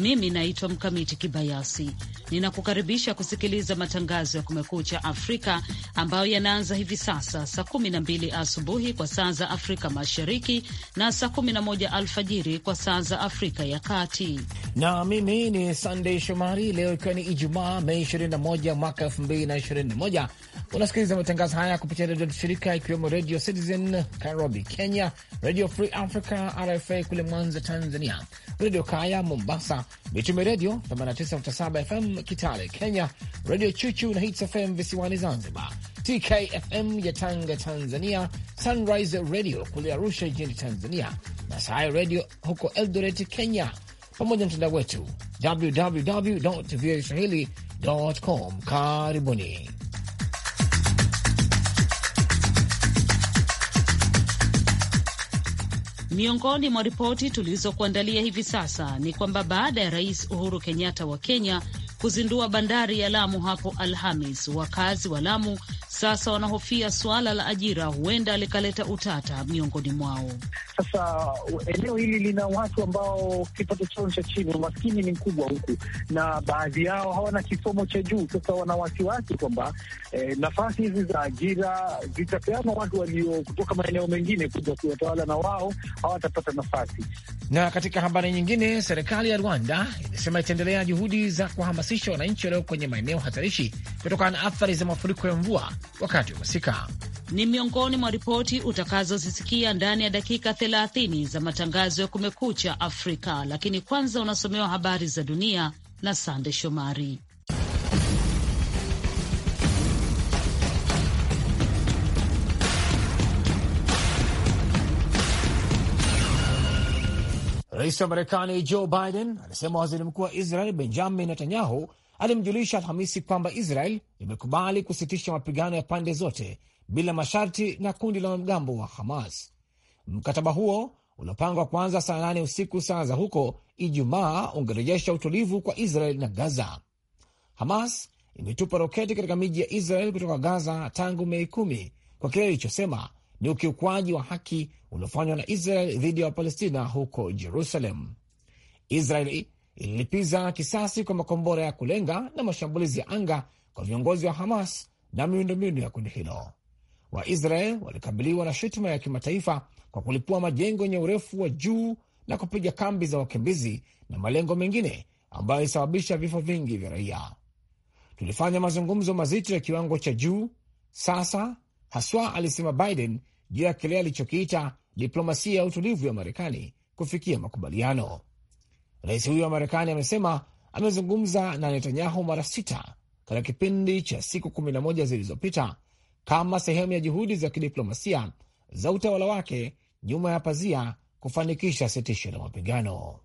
Mimi naitwa Mkamiti Kibayasi, ninakukaribisha kusikiliza matangazo ya Kumekucha Afrika ambayo yanaanza hivi sasa saa 12 asubuhi kwa saa za Afrika Mashariki na saa 11 alfajiri kwa saa za Afrika ya Kati. Na mimi ni Sandey Shomari. Leo ikiwa ni Ijumaa, Mei 21 mwaka 2021, unasikiliza matangazo haya kupitia redio ya shirika ikiwemo Radio Citizen Nairobi, Kenya, Radio Free Africa, RFA kule Mwanza, Tanzania, Redio Kaya Mombasa, Mitume Redio 89.7 FM Kitale Kenya, Redio Chuchu na Hits FM visiwani Zanzibar, TKFM ya Tanga Tanzania, Sunrise Redio kule Arusha nchini Tanzania na Sahaya Redio huko Eldoret Kenya, pamoja na mtandao wetu www voa swahili com. Karibuni. Miongoni mwa ripoti tulizokuandalia hivi sasa ni kwamba baada ya Rais Uhuru Kenyatta wa Kenya kuzindua bandari ya Lamu hapo Alhamis, wakazi wa Lamu sasa wanahofia suala la ajira huenda likaleta utata miongoni mwao. Sasa eneo hili lina watu ambao kipato chao cha chini, umaskini ni mkubwa huku, na baadhi yao hawana kisomo cha juu. Sasa wana wasiwasi kwamba eh, nafasi hizi za ajira zitapeanwa watu walio kutoka maeneo mengine kuja kuwatawala, na wao hawatapata nafasi. Na katika habari nyingine, serikali ya Rwanda imesema itaendelea juhudi za kuhamasisha wananchi walio kwenye maeneo hatarishi kutokana na athari za mafuriko ya mvua wakati wa masika. Ni miongoni mwa ripoti utakazozisikia ndani ya dakika 30 za matangazo ya Kumekucha Afrika, lakini kwanza unasomewa habari za dunia na Sande Shomari. Rais wa Marekani Joe Biden alisema waziri mkuu wa Israel Benjamin Netanyahu alimjulisha Alhamisi kwamba Israel imekubali kusitisha mapigano ya pande zote bila masharti na kundi la wanamgambo wa Hamas. Mkataba huo uliopangwa kuanza saa nane usiku saa za huko Ijumaa ungerejesha utulivu kwa Israel na Gaza. Hamas imetupa roketi katika miji ya Israel kutoka Gaza tangu Mei kumi kwa kile ilichosema ni ukiukwaji wa haki uliofanywa na Israel dhidi ya Wapalestina huko Jerusalem. Israel ililipiza kisasi kwa makombora ya kulenga na mashambulizi ya anga kwa viongozi wa Hamas na miundombinu ya kundi hilo. Waisrael walikabiliwa na shutuma ya kimataifa kwa kulipua majengo yenye urefu wa juu na kupiga kambi za wakimbizi na malengo mengine ambayo ilisababisha vifo vingi vya raia. Tulifanya mazungumzo mazito ya kiwango cha juu sasa haswa, alisema Biden juu ya kile alichokiita diplomasia ya utulivu ya Marekani kufikia makubaliano. Rais huyo wa Marekani amesema amezungumza na Netanyahu mara sita katika kipindi cha siku kumi na moja zilizopita kama sehemu ya juhudi za kidiplomasia za utawala wake nyuma ya pazia kufanikisha sitisho la mapigano.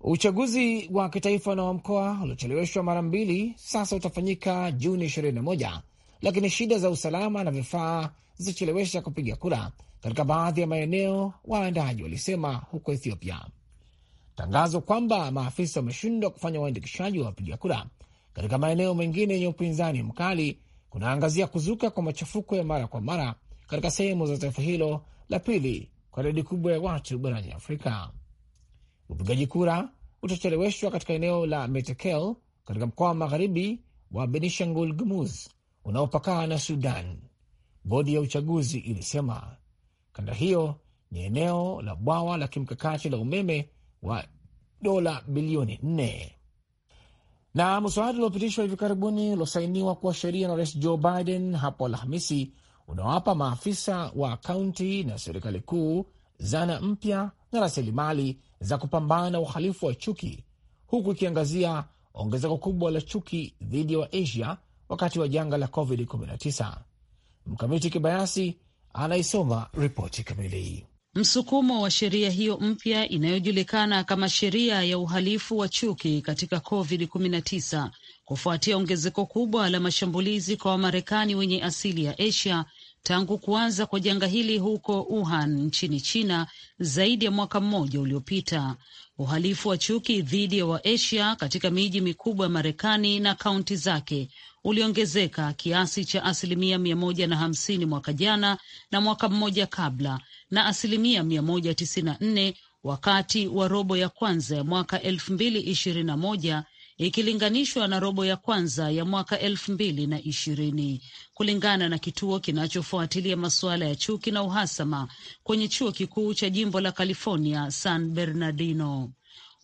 Uchaguzi wa kitaifa na wa mkoa uliocheleweshwa mara mbili sasa utafanyika Juni 21 lakini shida za usalama na vifaa zichelewesha kupiga kura katika baadhi ya maeneo, waandaji walisema huko Ethiopia tangazo kwamba maafisa wameshindwa kufanya uandikishaji wa wapiga kura katika maeneo mengine yenye upinzani mkali kunaangazia kuzuka kwa machafuko ya mara kwa mara katika sehemu za taifa hilo la pili kwa idadi kubwa ya watu barani Afrika. Upigaji kura utacheleweshwa katika eneo la Metekel katika mkoa wa magharibi wa Benishangul Gumuz unaopakana na Sudan, bodi ya uchaguzi ilisema. Kanda hiyo ni eneo la bwawa la kimkakati la umeme wa dola bilioni nne. Na mswada uliopitishwa hivi karibuni uliosainiwa kuwa sheria na Rais Joe Biden hapo Alhamisi unawapa maafisa wa kaunti na serikali kuu zana mpya na rasilimali za kupambana na uhalifu wa chuki, huku ikiangazia ongezeko kubwa la chuki dhidi ya wa wakati wa janga la COVID-19. Mkamiti Kibayasi anaisoma ripoti kamili. Msukumo wa sheria hiyo mpya inayojulikana kama sheria ya uhalifu wa chuki katika COVID-19 kufuatia ongezeko kubwa la mashambulizi kwa Wamarekani wenye asili ya Asia tangu kuanza kwa janga hili huko Wuhan nchini China zaidi ya mwaka mmoja uliopita uhalifu wa chuki dhidi ya Waasia katika miji mikubwa ya Marekani na kaunti zake uliongezeka kiasi cha asilimia mia moja na hamsini mwaka jana na mwaka mmoja kabla na asilimia mia moja tisini na nne wakati wa robo ya kwanza ya mwaka elfu mbili ishirini na moja ikilinganishwa na robo ya kwanza ya mwaka elfu mbili na ishirini, kulingana na kituo kinachofuatilia masuala ya chuki na uhasama kwenye chuo kikuu cha jimbo la California San Bernardino.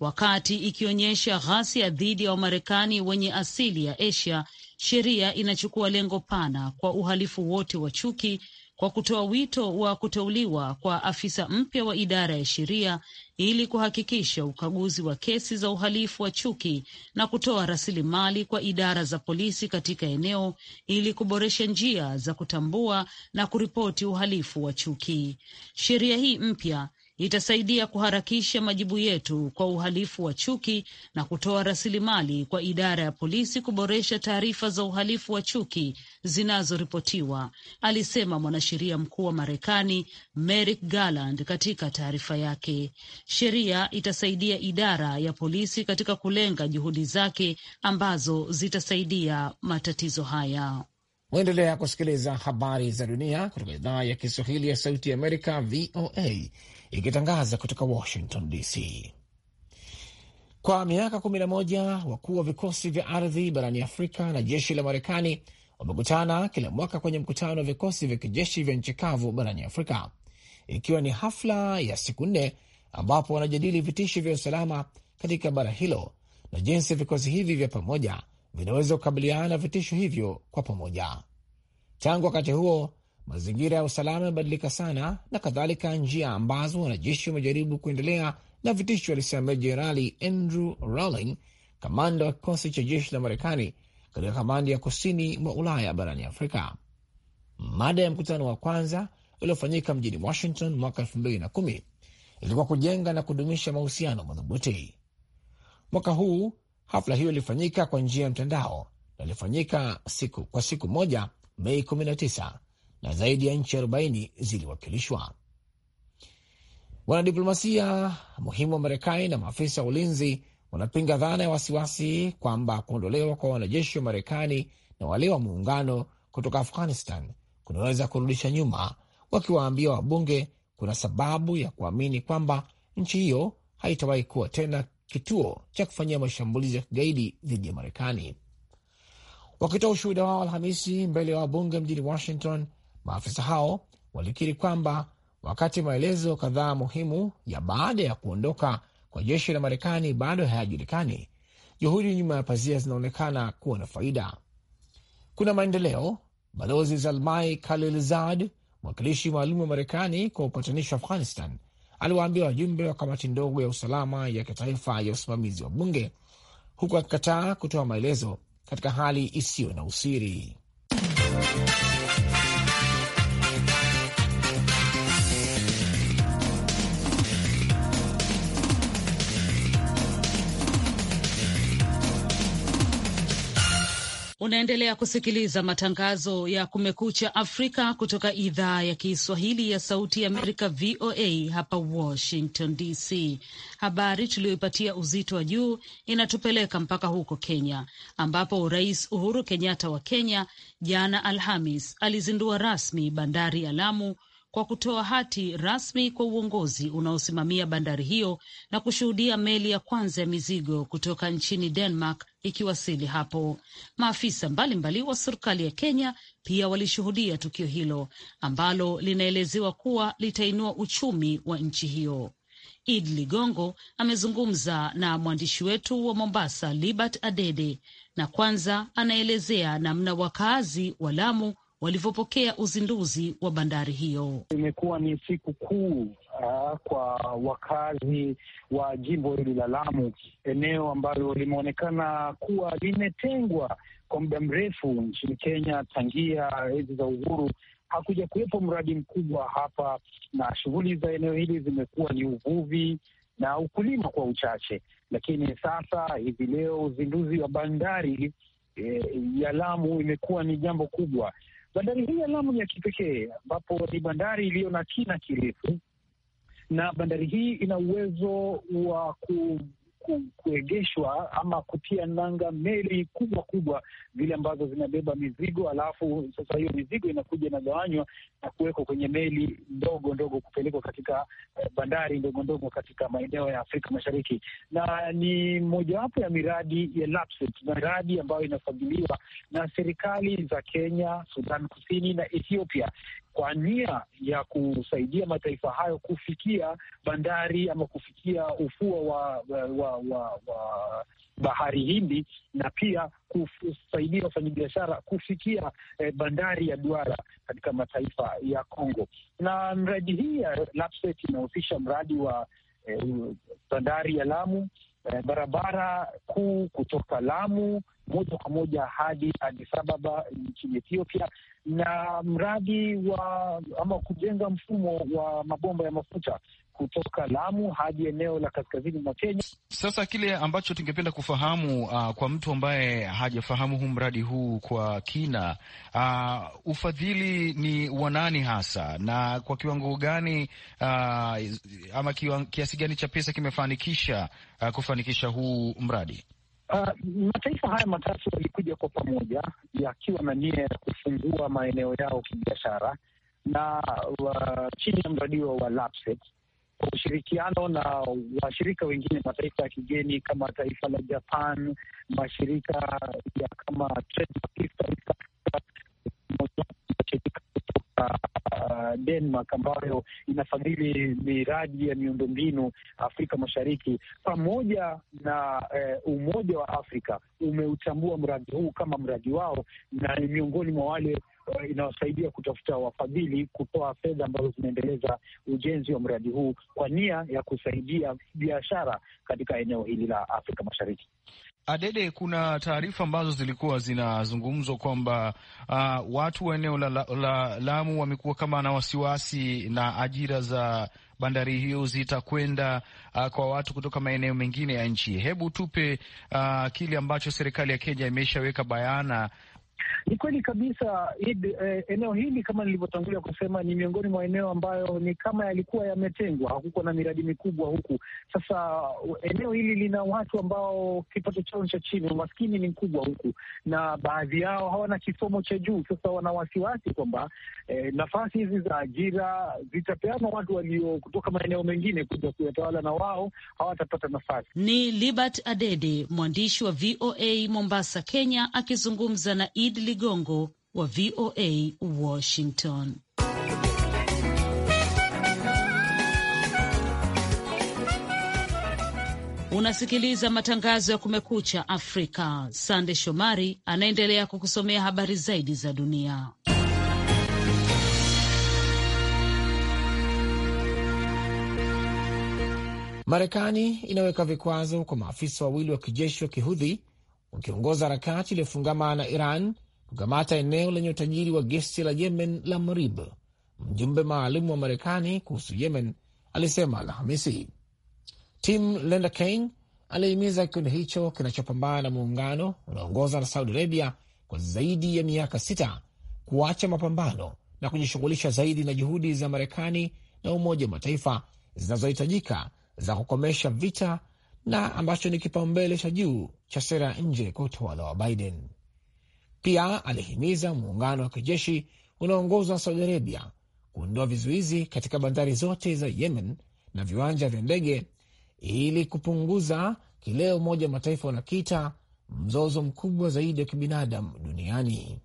Wakati ikionyesha ghasia dhidi ya Wamarekani wenye asili ya Asia, sheria inachukua lengo pana kwa uhalifu wote wa chuki kwa kutoa wito wa kuteuliwa kwa afisa mpya wa idara ya sheria ili kuhakikisha ukaguzi wa kesi za uhalifu wa chuki na kutoa rasilimali kwa idara za polisi katika eneo ili kuboresha njia za kutambua na kuripoti uhalifu wa chuki. Sheria hii mpya itasaidia kuharakisha majibu yetu kwa uhalifu wa chuki na kutoa rasilimali kwa idara ya polisi kuboresha taarifa za uhalifu wa chuki zinazoripotiwa, alisema mwanasheria mkuu wa Marekani Merrick Garland katika taarifa yake. Sheria itasaidia idara ya polisi katika kulenga juhudi zake ambazo zitasaidia matatizo haya. Mwaendelea kusikiliza habari za dunia kutoka idhaa ya Kiswahili ya Sauti ya Amerika, VOA, ikitangaza kutoka Washington DC. Kwa miaka 11 wakuu wa vikosi vya ardhi barani Afrika na jeshi la Marekani wamekutana kila mwaka kwenye mkutano wa vikosi vya kijeshi vya nchi kavu barani Afrika, ikiwa ni hafla ya siku nne ambapo wanajadili vitisho vya usalama katika bara hilo na jinsi vikosi hivi vya pamoja vinaweza kukabiliana na vitisho hivyo kwa pamoja. Tangu wakati huo, mazingira ya usalama yamebadilika sana na kadhalika njia ambazo wanajeshi wamejaribu kuendelea na vitisho, alisema Jenerali Andrew Rawling, kamanda wa kikosi cha jeshi la Marekani katika kamandi ya kusini mwa Ulaya barani Afrika. Mada ya mkutano wa kwanza uliofanyika mjini Washington mwaka elfu mbili na kumi ilikuwa kujenga na kudumisha mahusiano madhubuti. Mwaka huu Hafla hiyo ilifanyika kwa njia ya mtandao na ilifanyika siku kwa siku moja Mei 19 na zaidi ya nchi 40 ziliwakilishwa. Wanadiplomasia muhimu wa Marekani na maafisa wa ulinzi wanapinga dhana ya wasiwasi kwamba kuondolewa kwa wanajeshi wa Marekani na wale wa muungano kutoka Afghanistan kunaweza kurudisha nyuma, wakiwaambia wabunge kuna sababu ya kuamini kwamba nchi hiyo haitawahi kuwa tena kituo cha kufanyia mashambulizi ya kigaidi dhidi ya Marekani. Wakitoa ushuhuda wao Alhamisi mbele ya wabunge mjini Washington, maafisa hao walikiri kwamba wakati maelezo kadhaa muhimu ya baada ya kuondoka kwa jeshi la Marekani bado hayajulikani, juhudi nyuma ya pazia zinaonekana kuwa na faida. Kuna maendeleo, Balozi Zalmai Khalilzad, mwakilishi maalum wa Marekani kwa upatanishi wa Afghanistan, aliwaambia wajumbe wa kamati ndogo ya usalama ya kitaifa ya usimamizi wa bunge, huku akikataa kutoa maelezo katika hali isiyo na usiri. Unaendelea kusikiliza matangazo ya Kumekucha Afrika kutoka idhaa ya Kiswahili ya Sauti ya Amerika, VOA hapa Washington DC. Habari tuliyoipatia uzito wa juu inatupeleka mpaka huko Kenya, ambapo Rais Uhuru Kenyatta wa Kenya jana Alhamis alizindua rasmi bandari ya Lamu kwa kutoa hati rasmi kwa uongozi unaosimamia bandari hiyo na kushuhudia meli ya kwanza ya mizigo kutoka nchini Denmark ikiwasili hapo. Maafisa mbalimbali wa serikali ya Kenya pia walishuhudia tukio hilo ambalo linaelezewa kuwa litainua uchumi wa nchi hiyo. Id Ligongo amezungumza na mwandishi wetu wa Mombasa, Libert Adede, na kwanza anaelezea namna wakaazi wa Lamu walivyopokea uzinduzi wa bandari hiyo. Imekuwa ni siku kuu uh, kwa wakazi wa jimbo hili la Lamu, eneo ambalo limeonekana kuwa limetengwa kwa muda mrefu nchini Kenya tangia enzi za uhuru hakuja kuwepo mradi mkubwa hapa, na shughuli za eneo hili zimekuwa ni uvuvi na ukulima kwa uchache, lakini sasa hivi leo uzinduzi wa bandari e, ya Lamu imekuwa ni jambo kubwa. Bandari hii ya Lamu ni ya kipekee, ambapo ni bandari iliyo na kina kirefu, na bandari hii ina uwezo wa ku kuegeshwa ama kutia nanga meli kubwa kubwa zile ambazo zinabeba mizigo, alafu sasa hiyo mizigo inakuja inagawanywa na kuwekwa kwenye meli ndogo ndogo kupelekwa katika eh, bandari ndogo ndogo katika maeneo ya Afrika Mashariki, na ni mojawapo ya miradi ya Lapset, miradi ambayo inafadhiliwa na serikali za Kenya, Sudan Kusini na Ethiopia kwa nia ya kusaidia mataifa hayo kufikia bandari ama kufikia ufuo wa, wa, wa, wa, wa bahari Hindi na pia kusaidia wafanyabiashara kufikia eh, bandari ya Duara katika mataifa ya Kongo. Na mradi hii ya inahusisha mradi wa eh, bandari ya Lamu eh, barabara kuu kutoka Lamu moja kwa moja hadi Addis Ababa nchini Ethiopia na mradi wa ama kujenga mfumo wa mabomba ya mafuta kutoka Lamu hadi eneo la kaskazini mwa Kenya. Sasa kile ambacho tungependa kufahamu uh, kwa mtu ambaye hajafahamu huu mradi huu kwa kina uh, ufadhili ni wanani hasa na kwa kiwango gani uh, ama kiasi gani cha pesa kimefanikisha uh, kufanikisha huu mradi? Uh, mataifa haya matatu yalikuja kwa pamoja yakiwa na nia ya kufungua maeneo yao kibiashara na uh, chini ya mradi wa LAPSSET kwa ushirikiano na washirika wengine, mataifa ya kigeni kama taifa la Japan, mashirika ya kama Trade shirika kutoka Denmark ambayo inafadhili miradi ya miundombinu Afrika Mashariki, pamoja na eh, Umoja wa Afrika umeutambua mradi huu kama mradi wao na ni miongoni mwa wale eh, inawasaidia kutafuta wafadhili kutoa fedha ambazo zinaendeleza ujenzi wa mradi huu kwa nia ya kusaidia biashara katika eneo hili la Afrika Mashariki. Adede, kuna taarifa ambazo zilikuwa zinazungumzwa kwamba uh, watu wa eneo la, la, la Lamu wamekuwa kama na wasiwasi na ajira za bandari hiyo zitakwenda uh, kwa watu kutoka maeneo mengine ya nchi. Hebu tupe uh, kile ambacho serikali ya Kenya imeshaweka bayana ni kweli kabisa id, eh, eneo hili kama nilivyotangulia kusema ni miongoni mwa eneo ambayo ni kama yalikuwa yametengwa, hakukuwa na miradi mikubwa huku. Sasa eneo hili lina watu ambao kipato chao cha chini, umaskini ni mkubwa huku, na baadhi yao hawana kisomo cha juu. Sasa wana wasiwasi kwamba eh, nafasi hizi za ajira zitapeana watu walio kutoka maeneo mengine kuja kuyatawala, na wao hawatapata nafasi. Ni Libert Adede, mwandishi wa VOA Mombasa, Kenya, akizungumza na Idi Ligongo wa VOA Washington. Unasikiliza matangazo ya Kumekucha Afrika. Sande Shomari anaendelea kukusomea habari zaidi za dunia. Marekani inaweka vikwazo kwa maafisa wawili wa kijeshi wa kihudhi wakiongoza harakati iliyofungamana na Iran kukamata eneo lenye utajiri wa gesi la Yemen la Marib. Mjumbe maalum wa Marekani kuhusu Yemen alisema Alhamisi. Tim Lenderking alihimiza kikundi hicho kinachopambana na muungano unaongoza na Saudi Arabia kwa zaidi ya miaka sita kuacha mapambano na kujishughulisha zaidi na juhudi za Marekani na Umoja wa Mataifa zinazohitajika za kukomesha vita na ambacho ni kipaumbele cha juu cha sera ya nje kwa utawala wa Biden. Pia alihimiza muungano wa kijeshi unaoongozwa na Saudi Arabia kuondoa vizuizi katika bandari zote za Yemen na viwanja vya ndege ili kupunguza kile Umoja wa Mataifa unakiita mzozo mkubwa zaidi wa kibinadamu duniani.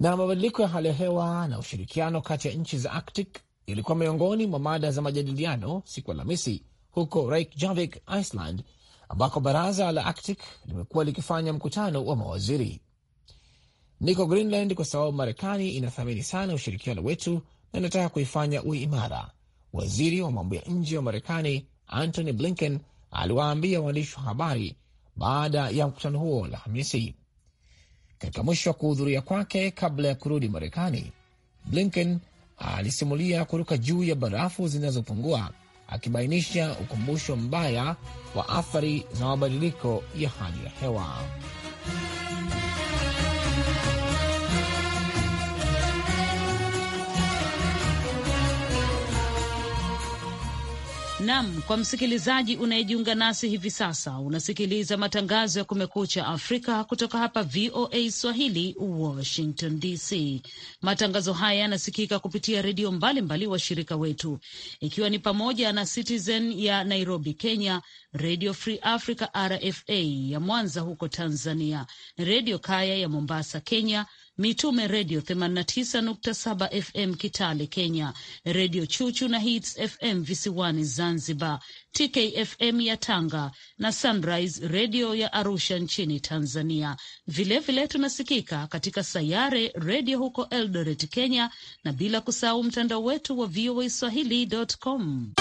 Na mabadiliko ya hali ya hewa na ushirikiano kati ya nchi za Arctic ilikuwa miongoni mwa mada za majadiliano siku Alhamisi huko Reykjavik, Iceland ambako baraza la Arctic limekuwa likifanya mkutano wa mawaziri. Niko Greenland kwa sababu Marekani inathamini sana ushirikiano wetu na inataka kuifanya uwe imara, waziri wa mambo ya nje wa Marekani Antony Blinken aliwaambia waandishi wa habari baada ya mkutano huo Alhamisi. Katika mwisho wa kuhudhuria kwake kabla ya kurudi Marekani, Blinken alisimulia kuruka juu ya barafu zinazopungua akibainisha ukumbusho mbaya wa athari za mabadiliko ya hali ya hewa. Nam, kwa msikilizaji unayejiunga nasi hivi sasa, unasikiliza matangazo ya Kumekucha Afrika kutoka hapa VOA Swahili, Washington DC. Matangazo haya yanasikika kupitia redio mbalimbali washirika wetu, ikiwa ni pamoja na Citizen ya Nairobi, Kenya, Redio Free Africa RFA ya Mwanza huko Tanzania, Redio Kaya ya Mombasa, Kenya, Mitume Redio 89.7 FM Kitale Kenya, Redio Chuchu na Hits FM visiwani Zanzibar, TKFM ya Tanga na Sunrise Redio ya Arusha nchini Tanzania. Vilevile vile tunasikika katika Sayare Redio huko Eldoret, Kenya, na bila kusahau mtandao wetu wa VOA swahili.com.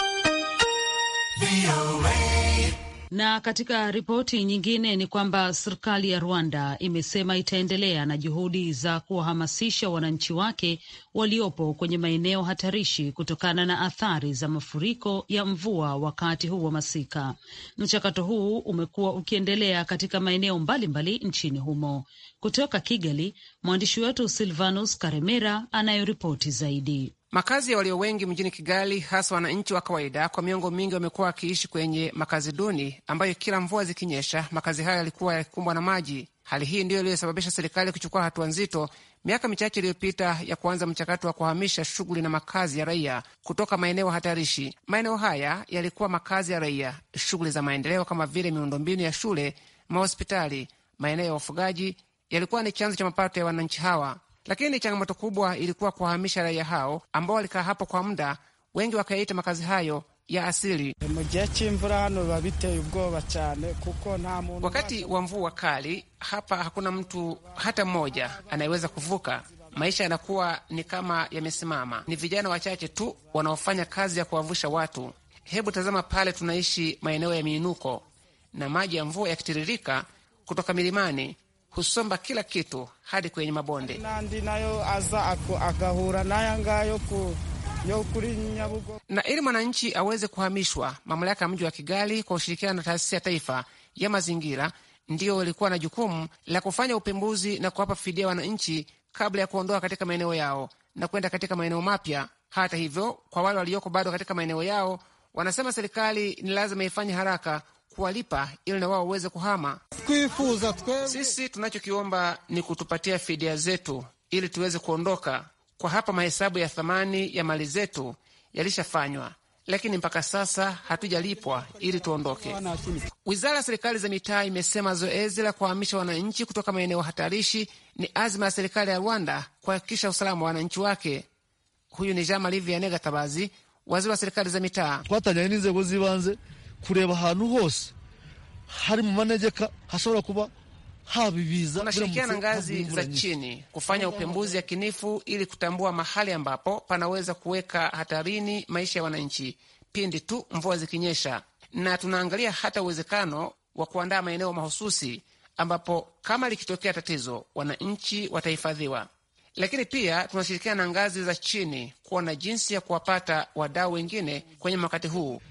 Na katika ripoti nyingine ni kwamba serikali ya Rwanda imesema itaendelea na juhudi za kuwahamasisha wananchi wake waliopo kwenye maeneo hatarishi kutokana na athari za mafuriko ya mvua wakati huu wa masika. Mchakato huu umekuwa ukiendelea katika maeneo mbalimbali nchini humo. Kutoka Kigali, mwandishi wetu Silvanus Karemera anayoripoti zaidi. Makazi ya walio wengi mjini Kigali, hasa wananchi wa kawaida, kwa miongo mingi wamekuwa wakiishi kwenye makazi duni ambayo kila mvua zikinyesha, makazi hayo yalikuwa yakikumbwa na maji. Hali hii ndiyo iliyosababisha serikali kuchukua hatua nzito miaka michache iliyopita ya kuanza mchakato wa kuhamisha shughuli na makazi ya raia kutoka maeneo hatarishi. Maeneo haya yalikuwa makazi ya raia, shughuli za maendeleo kama vile miundombinu ya shule, mahospitali, maeneo ya wafugaji yalikuwa ni chanzo cha mapato ya wananchi hawa lakini changamoto kubwa ilikuwa kuwahamisha raia hao ambao walikaa hapo kwa muda, wengi wakayaita makazi hayo ya asili. Wakati wa mvua kali hapa hakuna mtu hata mmoja anayeweza kuvuka. Maisha yanakuwa ni kama yamesimama. Ni vijana wachache tu wanaofanya kazi ya kuwavusha watu. Hebu tazama pale, tunaishi maeneo ya miinuko na maji ya mvua yakitiririka kutoka milimani husomba kila kitu hadi kwenye mabonde. Na ili mwananchi aweze kuhamishwa, mamlaka ya mji wa Kigali kwa ushirikiano na taasisi ya taifa ya mazingira ndiyo ilikuwa na jukumu la kufanya upembuzi na kuwapa fidia wananchi kabla ya kuondoka katika maeneo yao na kwenda katika maeneo mapya. Hata hivyo, kwa wale walioko bado katika maeneo yao, wanasema serikali ni lazima ifanye haraka kuwalipa ili na wao waweze kuhama. Sisi tunachokiomba ni kutupatia fidia zetu ili tuweze kuondoka. Kwa hapa mahesabu ya thamani ya mali zetu yalishafanywa, lakini mpaka sasa hatujalipwa ili tuondoke. Wizara ya serikali za mitaa imesema zoezi la kuhamisha wananchi kutoka maeneo hatarishi ni azma ya serikali ya Rwanda kuhakikisha usalama wa wananchi wake. Huyu ni Jean Marie Vianney Gatabazi, waziri wa serikali za mitaa kureba ahantu hose hari mu manegeka hashobora kuba haba ibiza. ngazi za chini kufanya upembuzi yakinifu ili kutambua mahali ambapo panaweza kuweka hatarini maisha ya wananchi pindi tu mvua zikinyesha, na tunaangalia hata uwezekano wa kuandaa maeneo mahususi ambapo kama likitokea tatizo wananchi watahifadhiwa lakini pia tunashirikiana na ngazi za chini kuona jinsi ya kuwapata wadau wengine kwenye mwakati huu.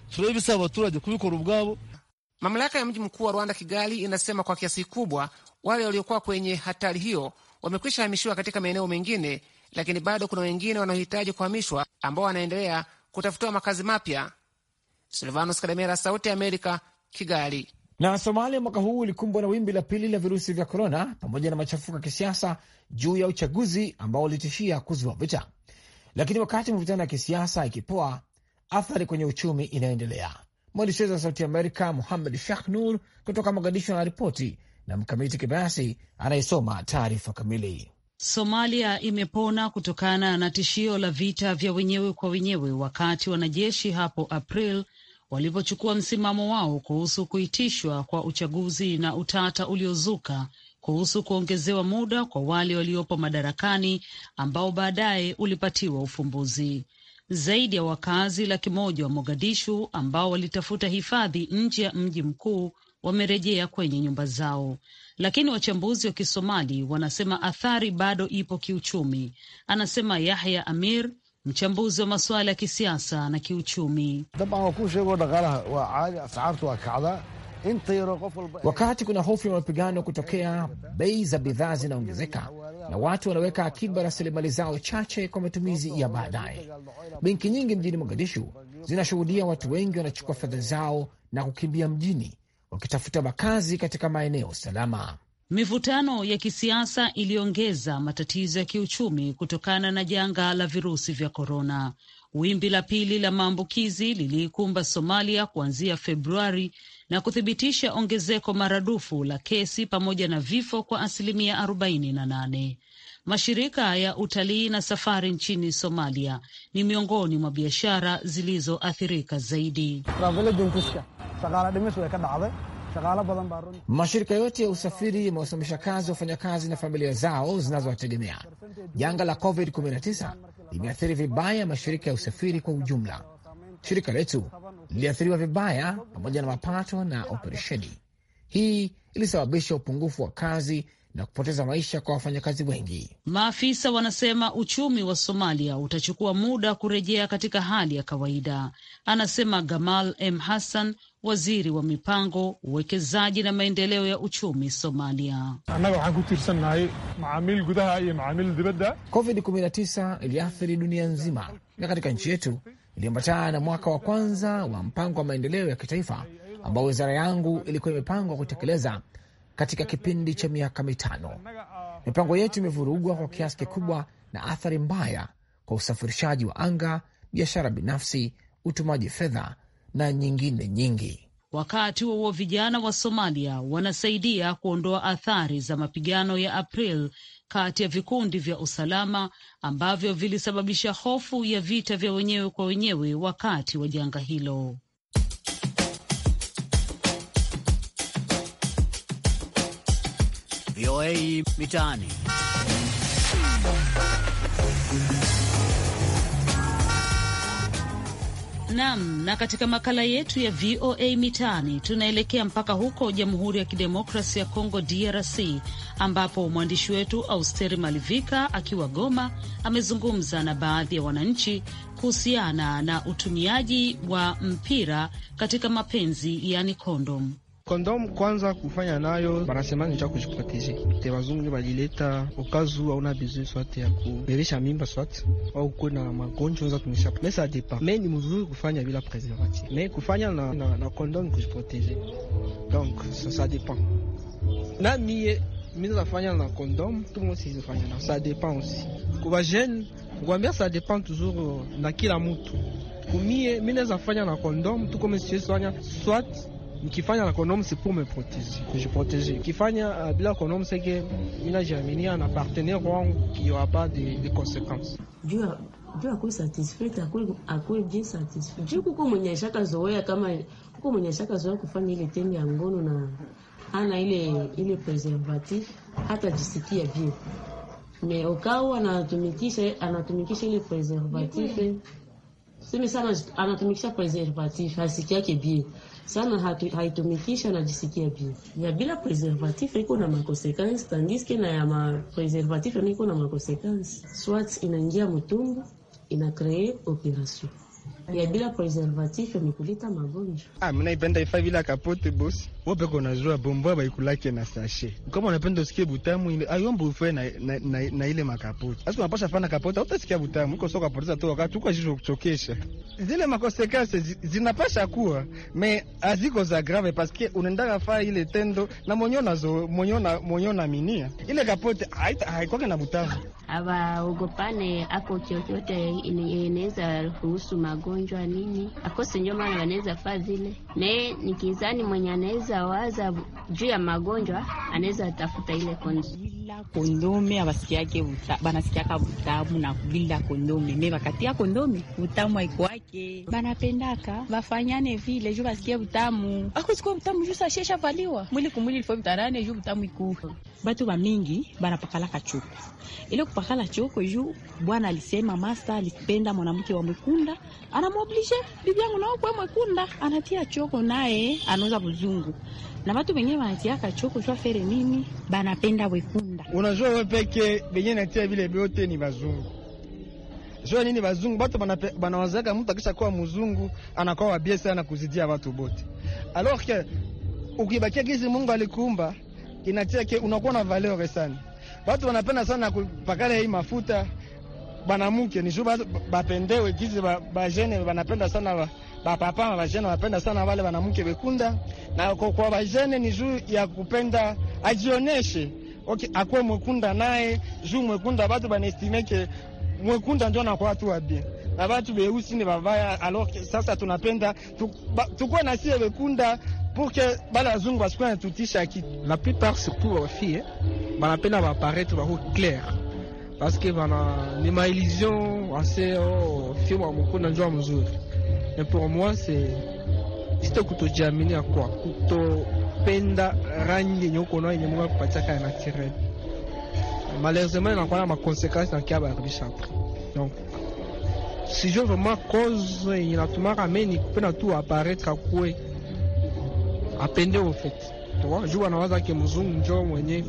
Mamlaka ya mji mkuu wa Rwanda, Kigali, inasema kwa kiasi kikubwa wale waliokuwa kwenye hatari hiyo wamekwisha hamishiwa katika maeneo mengine, lakini bado kuna wengine wanaohitaji kuhamishwa ambao wanaendelea kutafutiwa makazi mapya. Silvanos Kademera, Sauti ya Amerika, Kigali. Na Somalia mwaka huu ilikumbwa na wimbi la pili la virusi vya korona pamoja na machafuko ya kisiasa juu ya uchaguzi ambao ulitishia kuzua vita, lakini wakati mivutano ya kisiasa ikipoa, athari kwenye uchumi inayoendelea. Mwandishi wetu wa Sauti Amerika Muhamed Shahnur Nur kutoka Mogadishu anaripoti na Mkamiti Kibayasi anayesoma taarifa kamili. Somalia imepona kutokana na tishio la vita vya wenyewe kwa wenyewe wakati wanajeshi hapo April walivyochukua msimamo wao kuhusu kuitishwa kwa uchaguzi na utata uliozuka kuhusu kuongezewa muda kwa wale waliopo madarakani ambao baadaye ulipatiwa ufumbuzi. Zaidi ya wakazi laki moja wa Mogadishu ambao walitafuta hifadhi nje ya mji mkuu wamerejea kwenye nyumba zao, lakini wachambuzi wa Kisomali wanasema athari bado ipo kiuchumi, anasema Yahya Amir, mchambuzi wa masuala ya kisiasa na kiuchumi. Wakati kuna hofu ya mapigano kutokea, bei za bidhaa zinaongezeka na watu wanaweka akiba rasilimali zao chache kwa matumizi ya baadaye. Benki nyingi mjini Mogadishu zinashuhudia watu wengi wanachukua fedha zao na kukimbia mjini wakitafuta makazi katika maeneo salama. Mivutano ya kisiasa iliongeza matatizo ya kiuchumi kutokana na janga la virusi vya korona. Wimbi la pili la maambukizi liliikumba Somalia kuanzia Februari na kuthibitisha ongezeko maradufu la kesi pamoja na vifo kwa asilimia 48. Mashirika ya utalii na safari nchini Somalia ni miongoni mwa biashara zilizoathirika zaidi. Mashirika yote ya usafiri yamewasimamisha kazi wafanyakazi na familia zao zinazowategemea. Janga la COVID-19 limeathiri vibaya mashirika ya usafiri kwa ujumla. Shirika letu liliathiriwa vibaya pamoja na mapato na operesheni. Hii ilisababisha upungufu wa kazi na kupoteza maisha kwa wafanyakazi wengi. Maafisa wanasema uchumi wa Somalia utachukua muda kurejea katika hali ya kawaida, anasema Gamal M Hassan, waziri wa mipango, uwekezaji na maendeleo ya uchumi Somalia. Annaga waxaan ku tiirsanahay gudaha iyo dibadda. COVID-19 iliathiri dunia nzima na katika nchi yetu iliambatana na mwaka wa kwanza wa mpango wa maendeleo ya kitaifa ambao wizara yangu ilikuwa imepangwa kutekeleza katika kipindi cha miaka mitano. Mipango yetu imevurugwa kwa kiasi kikubwa na athari mbaya kwa usafirishaji wa anga, biashara binafsi, utumaji fedha na nyingine nyingi. Wakati huo vijana wa Somalia wanasaidia kuondoa athari za mapigano ya April kati ya vikundi vya usalama ambavyo vilisababisha hofu ya vita vya wenyewe kwa wenyewe wakati wa janga hilo. VOA Mitaani. Nam, na katika makala yetu ya VOA Mitaani tunaelekea mpaka huko Jamhuri ya Kidemokrasia ya Kongo, DRC, ambapo mwandishi wetu Austeri Malivika akiwa Goma amezungumza na baadhi ya wananchi kuhusiana na utumiaji wa mpira katika mapenzi, yani kondom kondom kwanza kufanya nayo ni cha kujiprotege te, bazungu balileta okazu au na bezwe swate ya kuberesha mimba swat au kuko na magonjwa za tunisha mesa depa me ni mzuri kufanya bila preservatif me kufanya na, na, na kondom kujiprotege donc sa, sa depa na miye mi nafanya na kondom kondomu tumusizifanya na sa depa osi kuba jeune kukwambia sa depa toujours na kila mutu kumie mi na fanya na kondomu tukomesiesifanya swat nikifanya na condom c'est pour me protéger, je protéger. Nikifanya euh, bila condom c'est que mina jaminia na partenaire wangu qui aura pas de, de conséquences juu akuwe satisfied akuwe je satisfied juu kuko mwenye ashaka zoea kama kuko mwenye ashaka zoea kufanya ile tendo ya ngono na ana ile ile preservatif hata jisikia vile me ukawa anatumikisha anatumikisha ile preservatif Tuseme sana anatumikisha preservatif, hasikia yake bie sana haitumikisha haitumikishi anajisikia bie ya bila preservatif, iko na makonsekansi tandiske na ya ma preservatif iko na makonsekansi swat inaingia mtumbu inakree operation ya bila preservatif ni kuleta magonjwa. Ah, mimi naipenda ifa bila kapote boss. Wewe peke unajua bomba baikulake na sachet. Kama unapenda usikie butamu ile, ayombe ah, ufe na, na, na, na ile makapote. Sasa unapasha fana kapote, utasikia butamu. Uko soka poteza tu wakati uko jisho kuchokesha. Zile makosekase zinapasha kuwa, me aziko za grave parce que unaendaga fa ile tendo na monyona zo monyona monyona minia. Ile kapote haikwake na butamu. Aba ugopane ako chochote inaweza ruhusu magonjwa magonjwa nini, akose njo maana wanaweza faa vile. ni kizani mwenye anaweza waza juu ya magonjwa anaweza tafuta ile kondomu bila kondome, abasikiake banasikiaka butamu na bila kondome, me bakatia kondome butamu aikwake banapendaka bafanyane vile juu basikia butamu akusikuwa butamu juu sashesha valiwa mwili kumwili lifo bitarane juu butamu ikuu batu bana banapakalaka chuku ile kupakala choko juu bwana alisema master alipenda mwanamke wa mkunda ana anamuoblige bibi yangu nao kwa mwekunda anatia choko naye anauza buzungu na watu wenyewe wanatiaka choko shwa fere nini banapenda wekunda. Unajua wewe peke benye natia vile vyote ni bazungu. Sio nini bazungu watu banawazaga mtu akisha kuwa mzungu anakuwa wabie sana kuzidia watu bote. Alors que ukibakia gizi Mungu alikuumba inatia ke unakuwa na valeur sana. Watu wanapenda sana kupakana hii mafuta banamuke nishu bapendewe gizi bajene banapenda sana bapapa bajene wanapenda sana wale banamuke bekunda na kwa bajene ni juu ya kupenda ajioneshe okay, akuwe mwekunda naye juu mwekunda batu banestimeke mwekunda ndio nakuwa tu wabie na batu beusi ni babaya. Alors sasa tunapenda tukuwe na sie bekunda purke bale bazungu basikuwe natutisha kitu la plupart surtout bafie banapenda baparetre bako claire Parce que on a ni maillusion wase oh, fye wa mukuna njua mzuri et pour moi c'est sito kutojiaminia kwa kutopenda rangi yenye uko nayo yenye Mungu akupatiaka ya naturel malheureusement inakuwa dans maconsequence cas de baribisha donc veux vraiment cause inatumaka meni kupenda tu apparaître à apende au fait juu wanawaza ke mzungu mwenye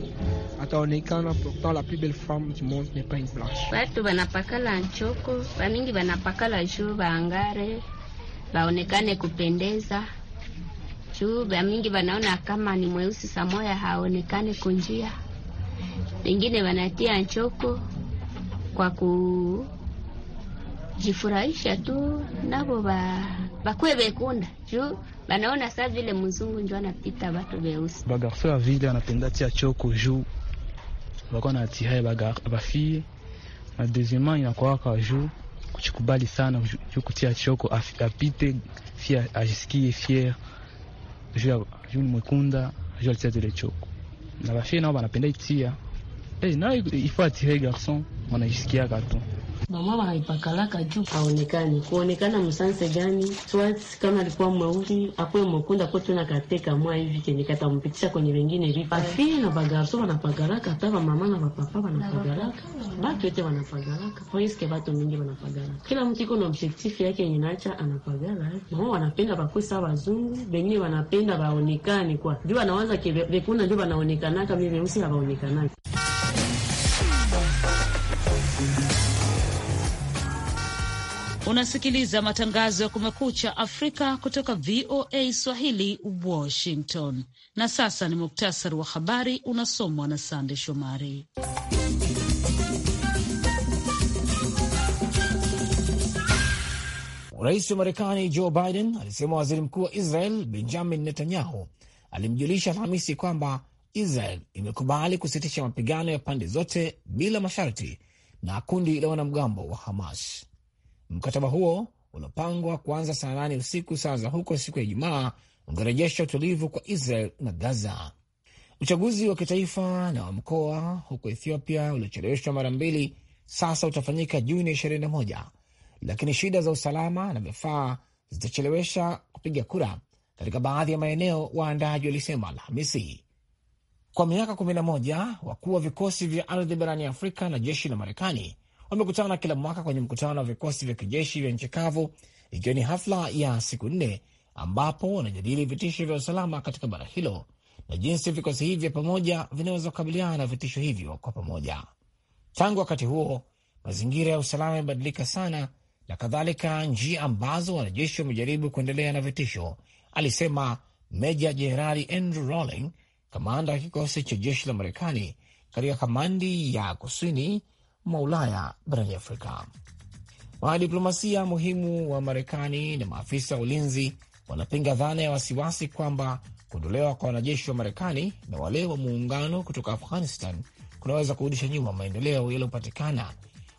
ataonekana, pourtant la plus belle femme du monde n'est pas une blanche. Batu banapakala nchoko bamingi, banapakala juu baangare baonekane kupendeza, juu bamingi banaona kama ni mweusi samoya haonekane kunjia, wengine wanatia nchoko kwa kujifurahisha tu nabo bakuwe bekunda juu banaona saa vile mzungu njo anapita batu beusi. Bagarfe ya vile anapenda tia choko juu bako na tihaye bafie na deuxièmement inakwaka juu kuchikubali sana juu kutia choko apite fie ajisikie fier juu ni mwekunda juu alitia zile choko na bafie nao banapenda itia eh, hey, nayo ifo atire garson wanajisikiaka tu Mama wanaipakalaka juu haonekani kuonekana msanse gani swat kama alikuwa mweuri akuwe mwekunda kwa tuna kateka mwa hivi kenye katampitisha kwenye wengine vipi afie na bagarso wanapagalaka hata vamama na vapapa wanapagalaka batu yote wanapagalaka poiske batu mingi wanapagalaka kila mtu iko na objektifu yake yenye nacha anapagala mama wanapenda bakwe vakwesa wazungu venyewe wanapenda vaonekane kwa juu anawaza kevekuna juu vanaonekanaka veveusi havaonekanaka Unasikiliza matangazo ya Kumekucha Afrika kutoka VOA Swahili, Washington. Na sasa ni muktasari wa habari unasomwa na Sande Shomari. Rais wa Marekani Joe Biden alisema waziri mkuu wa Israel Benjamin Netanyahu alimjulisha Alhamisi kwamba Israel imekubali kusitisha mapigano ya pande zote bila masharti na kundi la wanamgambo wa Hamas. Mkataba huo unapangwa kuanza saa nane usiku saa za huko siku ya Ijumaa ungerejesha utulivu kwa Israel na Gaza. Uchaguzi wa kitaifa na wa mkoa huko Ethiopia uliocheleweshwa mara mbili sasa utafanyika Juni 21, lakini shida za usalama na vifaa zitachelewesha kupiga kura katika baadhi ya maeneo, waandaji walisema Alhamisi. Kwa miaka 11 wakuu wa vikosi vya ardhi barani Afrika na jeshi la Marekani wamekutana kila mwaka kwenye mkutano wa vikosi vya kijeshi vya nchi kavu, ikiwa ni hafla ya siku nne ambapo wanajadili vitisho vya usalama katika bara hilo na jinsi vikosi hivi vya pamoja vinaweza kukabiliana na vitisho hivyo kwa pamoja. Tangu wakati huo, mazingira ya usalama yamebadilika sana na kadhalika njia ambazo wanajeshi wamejaribu kuendelea na vitisho, alisema Meja Jenerali Andrew Rawling, kamanda wa kikosi cha jeshi la Marekani katika kamandi ya kusini mwa Ulaya barani Afrika. Wanadiplomasia muhimu wa Marekani na maafisa wa ulinzi wanapinga dhana ya wasiwasi kwamba kuondolewa kwa wanajeshi wa Marekani na wale wa muungano kutoka Afghanistan kunaweza kurudisha nyuma maendeleo yaliyopatikana,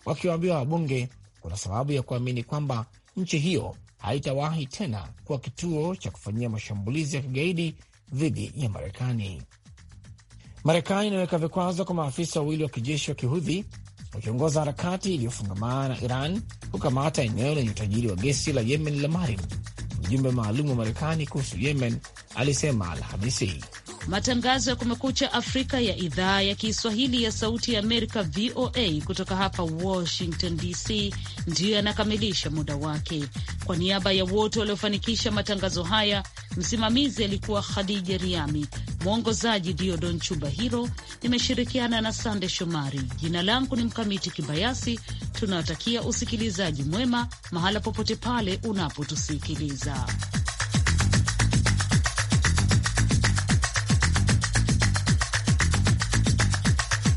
wakiwaambia wabunge kuna sababu ya kuamini kwamba nchi hiyo haitawahi tena kuwa kituo cha kufanyia mashambulizi ya kigaidi dhidi ya Marekani. Marekani inaweka vikwazo kwa maafisa wawili wa kijeshi wa kihudhi wakiongoza harakati iliyofungamana na Iran kukamata eneo lenye utajiri wa gesi la Yemen la Marib. Mjumbe maalum wa Marekani kuhusu Yemen alisema Alhamisi. Matangazo ya Kumekucha Afrika ya idhaa ya Kiswahili ya Sauti ya Amerika, VOA, kutoka hapa Washington DC, ndiyo yanakamilisha muda wake. Kwa niaba ya wote waliofanikisha matangazo haya, msimamizi alikuwa Khadija Riami, mwongozaji Diodon Chuba Hiro, nimeshirikiana na Sande Shomari. Jina langu ni Mkamiti Kibayasi. Tunawatakia usikilizaji mwema mahala popote pale unapotusikiliza.